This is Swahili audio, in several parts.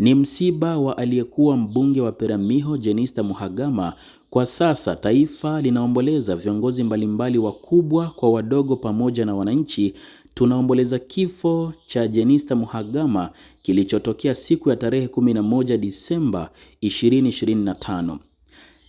Ni msiba wa aliyekuwa mbunge wa Peramiho Jenista Muhagama. Kwa sasa taifa linaomboleza viongozi mbalimbali wakubwa kwa wadogo pamoja na wananchi. Tunaomboleza kifo cha Jenista Muhagama kilichotokea siku ya tarehe 11 Disemba 2025.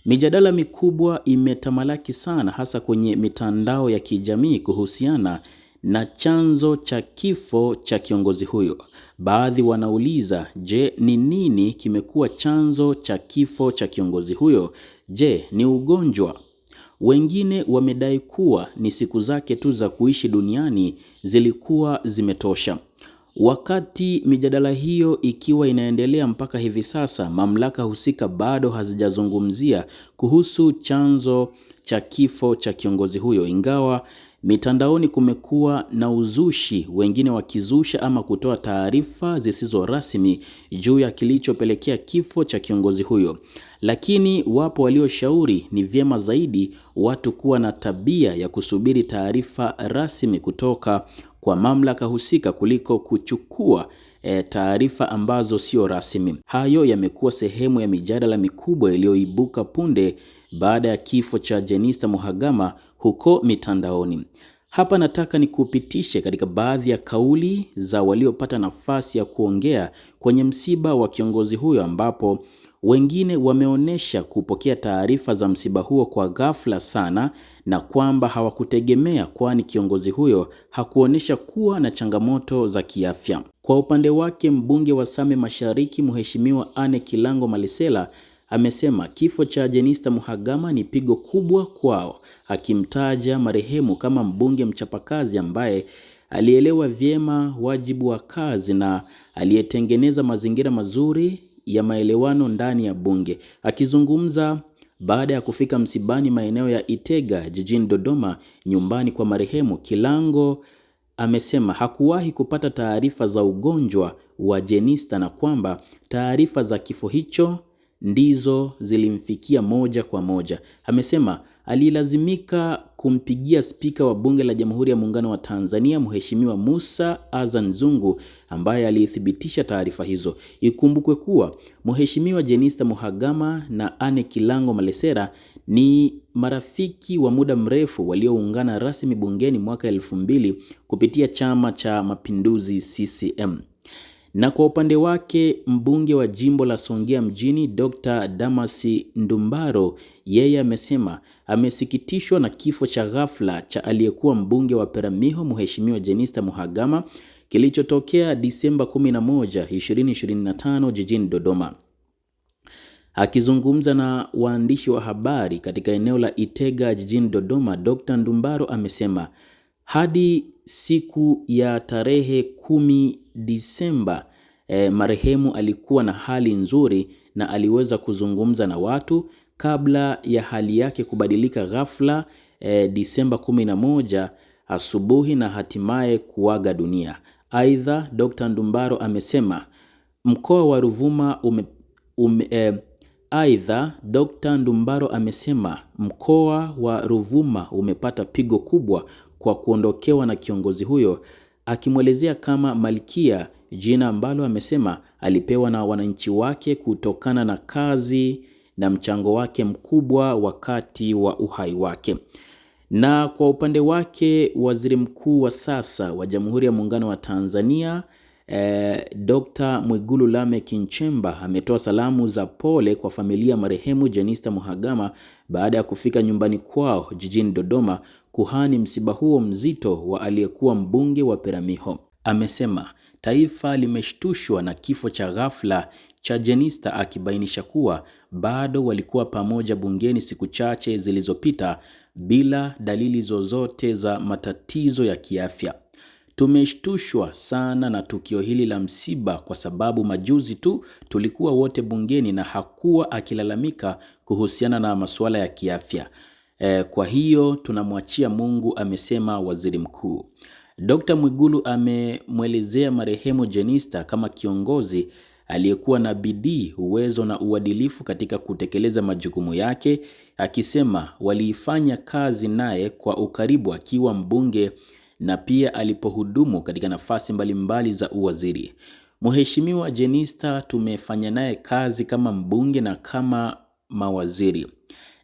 Mijadala mikubwa imetamalaki sana hasa kwenye mitandao ya kijamii kuhusiana na chanzo cha kifo cha kiongozi huyo. Baadhi wanauliza, je, ni nini kimekuwa chanzo cha kifo cha kiongozi huyo? Je, ni ugonjwa? Wengine wamedai kuwa ni siku zake tu za kuishi duniani zilikuwa zimetosha. Wakati mijadala hiyo ikiwa inaendelea mpaka hivi sasa, mamlaka husika bado hazijazungumzia kuhusu chanzo cha kifo cha kiongozi huyo, ingawa mitandaoni kumekuwa na uzushi, wengine wakizusha ama kutoa taarifa zisizo rasmi juu ya kilichopelekea kifo cha kiongozi huyo. Lakini wapo walioshauri ni vyema zaidi watu kuwa na tabia ya kusubiri taarifa rasmi kutoka kwa mamlaka husika kuliko kuchukua e, taarifa ambazo sio rasmi. Hayo yamekuwa sehemu ya mijadala mikubwa iliyoibuka punde baada ya kifo cha Jenista Muhagama huko mitandaoni. Hapa nataka nikupitishe katika baadhi ya kauli za waliopata nafasi ya kuongea kwenye msiba wa kiongozi huyo ambapo wengine wameonyesha kupokea taarifa za msiba huo kwa ghafla sana na kwamba hawakutegemea, kwani kiongozi huyo hakuonyesha kuwa na changamoto za kiafya. Kwa upande wake, mbunge wa Same Mashariki Mheshimiwa Anne Kilango Malisela amesema kifo cha Jenista Muhagama ni pigo kubwa kwao, akimtaja marehemu kama mbunge mchapakazi ambaye alielewa vyema wajibu wa kazi na aliyetengeneza mazingira mazuri ya maelewano ndani ya bunge. Akizungumza baada ya kufika msibani maeneo ya Itega jijini Dodoma, nyumbani kwa marehemu Kilango amesema hakuwahi kupata taarifa za ugonjwa wa Jenista na kwamba taarifa za kifo hicho ndizo zilimfikia moja kwa moja. Amesema alilazimika kumpigia spika wa bunge la Jamhuri ya Muungano wa Tanzania Mheshimiwa musa azan Zungu ambaye aliithibitisha taarifa hizo. Ikumbukwe kuwa Mheshimiwa Jenista Muhagama na Anne Kilango Malesera ni marafiki wa muda mrefu walioungana rasmi bungeni mwaka elfu mbili kupitia Chama cha Mapinduzi CCM. Na kwa upande wake mbunge wa jimbo la Songea mjini Dr. Damasi Ndumbaro yeye amesema amesikitishwa na kifo cha ghafla cha aliyekuwa mbunge wa Peramiho Mheshimiwa Jenista Muhagama kilichotokea Disemba 11, 2025 jijini Dodoma. Akizungumza na waandishi wa habari katika eneo la Itega jijini Dodoma, Dr. Ndumbaro amesema hadi siku ya tarehe kumi Disemba. E, marehemu alikuwa na hali nzuri na aliweza kuzungumza na watu kabla ya hali yake kubadilika ghafla e, Disemba 11 asubuhi na hatimaye kuaga dunia. Aidha, Dr. Ndumbaro amesema mkoa wa Ruvuma ume, ume, e, aidha Dr. Ndumbaro amesema mkoa wa Ruvuma umepata pigo kubwa kwa kuondokewa na kiongozi huyo, akimwelezea kama malkia, jina ambalo amesema alipewa na wananchi wake kutokana na kazi na mchango wake mkubwa wakati wa uhai wake. Na kwa upande wake waziri mkuu wa sasa wa Jamhuri ya Muungano wa Tanzania eh, Dr. Mwigulu Lameck Nchemba ametoa salamu za pole kwa familia marehemu Jenista Mhagama baada ya kufika nyumbani kwao jijini Dodoma kuhani msiba huo mzito wa aliyekuwa mbunge wa Peramiho. Amesema taifa limeshtushwa na kifo cha ghafla cha Jenista, akibainisha kuwa bado walikuwa pamoja bungeni siku chache zilizopita bila dalili zozote za matatizo ya kiafya. Tumeshtushwa sana na tukio hili la msiba kwa sababu majuzi tu tulikuwa wote bungeni na hakuwa akilalamika kuhusiana na masuala ya kiafya. E, kwa hiyo tunamwachia Mungu, amesema waziri mkuu. Dkt. Mwigulu amemwelezea marehemu Jenista kama kiongozi aliyekuwa na bidii, uwezo na uadilifu katika kutekeleza majukumu yake, akisema waliifanya kazi naye kwa ukaribu akiwa mbunge na pia alipohudumu katika nafasi mbalimbali mbali za uwaziri. Mheshimiwa Jenista tumefanya naye kazi kama mbunge na kama mawaziri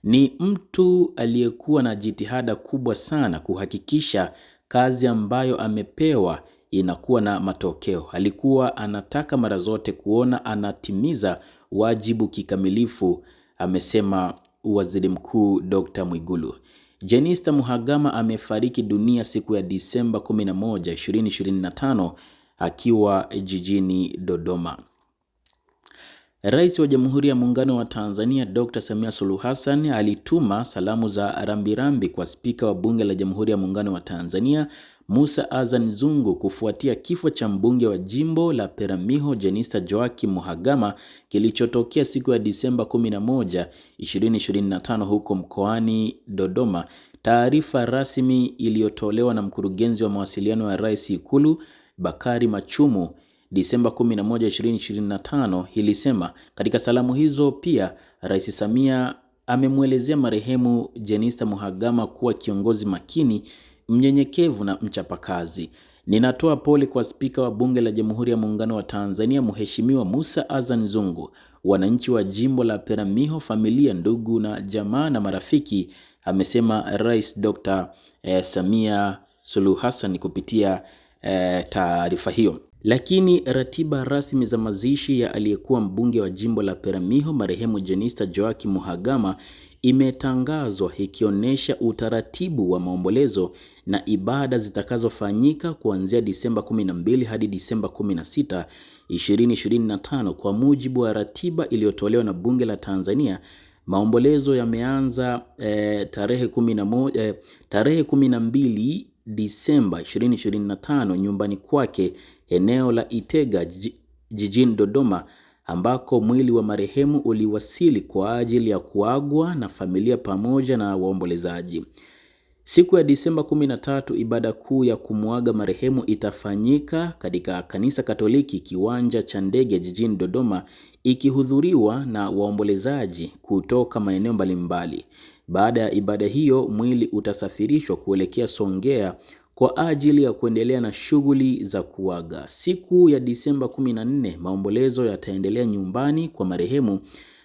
ni mtu aliyekuwa na jitihada kubwa sana kuhakikisha kazi ambayo amepewa inakuwa na matokeo. Alikuwa anataka mara zote kuona anatimiza wajibu kikamilifu, amesema Waziri Mkuu Dr. Mwigulu. Jenista Muhagama amefariki dunia siku ya Disemba 11, 2025 akiwa jijini Dodoma. Rais wa Jamhuri ya Muungano wa Tanzania Dr. Samia Suluhu Hassan alituma salamu za rambirambi kwa Spika wa Bunge la Jamhuri ya Muungano wa Tanzania Musa Azan Zungu kufuatia kifo cha mbunge wa jimbo la Peramiho Jenista Joakim Mhagama kilichotokea siku ya Disemba 11, 2025 huko mkoani Dodoma. Taarifa rasmi iliyotolewa na mkurugenzi wa mawasiliano ya Rais Ikulu Bakari Machumu Disemba 11, 2025 ilisema katika salamu hizo pia Rais Samia amemwelezea marehemu Jenista Muhagama kuwa kiongozi makini, mnyenyekevu na mchapakazi. Ninatoa pole kwa Spika wa Bunge la Jamhuri ya Muungano wa Tanzania Mheshimiwa Musa Azan Zungu, wananchi wa jimbo la Peramiho, familia, ndugu na jamaa na marafiki, amesema Rais Dr. Eh, Samia Suluhu Hassan kupitia eh, taarifa hiyo. Lakini ratiba rasmi za mazishi ya aliyekuwa mbunge wa jimbo la Peramiho marehemu Jenista joaki muhagama imetangazwa ikionyesha utaratibu wa maombolezo na ibada zitakazofanyika kuanzia Disemba 12 hadi Disemba 16, 2025 kwa mujibu wa ratiba iliyotolewa na Bunge la Tanzania. Maombolezo yameanza eh, tarehe 11 eh, tarehe 12 Disemba 2025 nyumbani kwake eneo la Itega jijini Dodoma ambako mwili wa marehemu uliwasili kwa ajili ya kuagwa na familia pamoja na waombolezaji. Siku ya Disemba 13, ibada kuu ya kumuaga marehemu itafanyika katika Kanisa Katoliki Kiwanja cha Ndege jijini Dodoma ikihudhuriwa na waombolezaji kutoka maeneo mbalimbali. Baada ya ibada hiyo, mwili utasafirishwa kuelekea Songea kwa ajili ya kuendelea na shughuli za kuaga. Siku ya Disemba 14 maombolezo yataendelea nyumbani kwa marehemu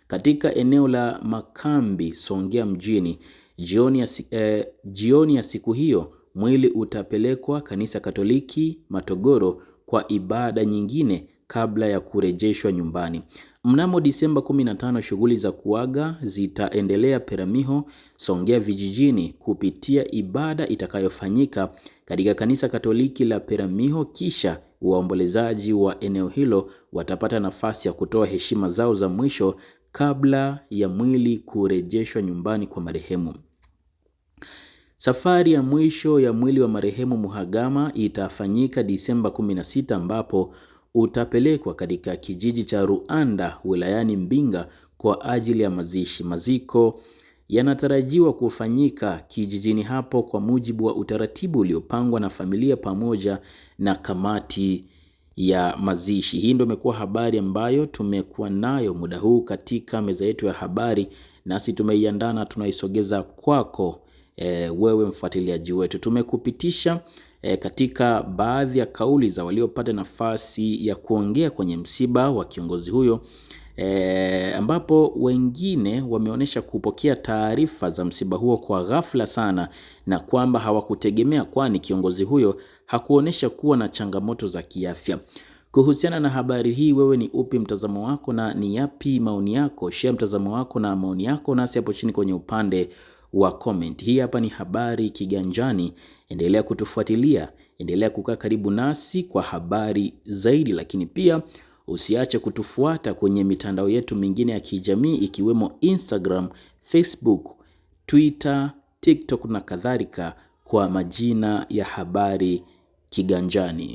katika eneo la Makambi, Songea mjini. Jioni ya, eh, jioni ya siku hiyo mwili utapelekwa kanisa Katoliki Matogoro kwa ibada nyingine kabla ya kurejeshwa nyumbani. Mnamo Disemba 15 shughuli za kuaga zitaendelea Peramiho, Songea vijijini kupitia ibada itakayofanyika katika kanisa Katoliki la Peramiho, kisha waombolezaji wa eneo hilo watapata nafasi ya kutoa heshima zao za mwisho kabla ya mwili kurejeshwa nyumbani kwa marehemu. Safari ya mwisho ya mwili wa marehemu Mhagama itafanyika Disemba 16 ambapo utapelekwa katika kijiji cha Ruanda wilayani Mbinga kwa ajili ya mazishi. Maziko yanatarajiwa kufanyika kijijini hapo kwa mujibu wa utaratibu uliopangwa na familia pamoja na kamati ya mazishi. Hii ndio imekuwa habari ambayo tumekuwa nayo muda huu katika meza yetu ya habari, nasi tumeiandaa na tunaisogeza kwako, e, wewe mfuatiliaji wetu. Tumekupitisha e, katika baadhi ya kauli za waliopata nafasi ya kuongea kwenye msiba wa kiongozi huyo e, ambapo wengine wameonyesha kupokea taarifa za msiba huo kwa ghafla sana na kwamba hawakutegemea, kwani kiongozi huyo hakuonyesha kuwa na changamoto za kiafya. Kuhusiana na habari hii, wewe ni upi mtazamo wako na ni yapi maoni yako? Share mtazamo wako na maoni yako nasi hapo chini kwenye upande wa comment. Hii hapa ni Habari Kiganjani, endelea kutufuatilia, endelea kukaa karibu nasi kwa habari zaidi, lakini pia usiache kutufuata kwenye mitandao yetu mingine ya kijamii ikiwemo Instagram, Facebook, Twitter, TikTok na kadhalika kwa majina ya Habari Kiganjani.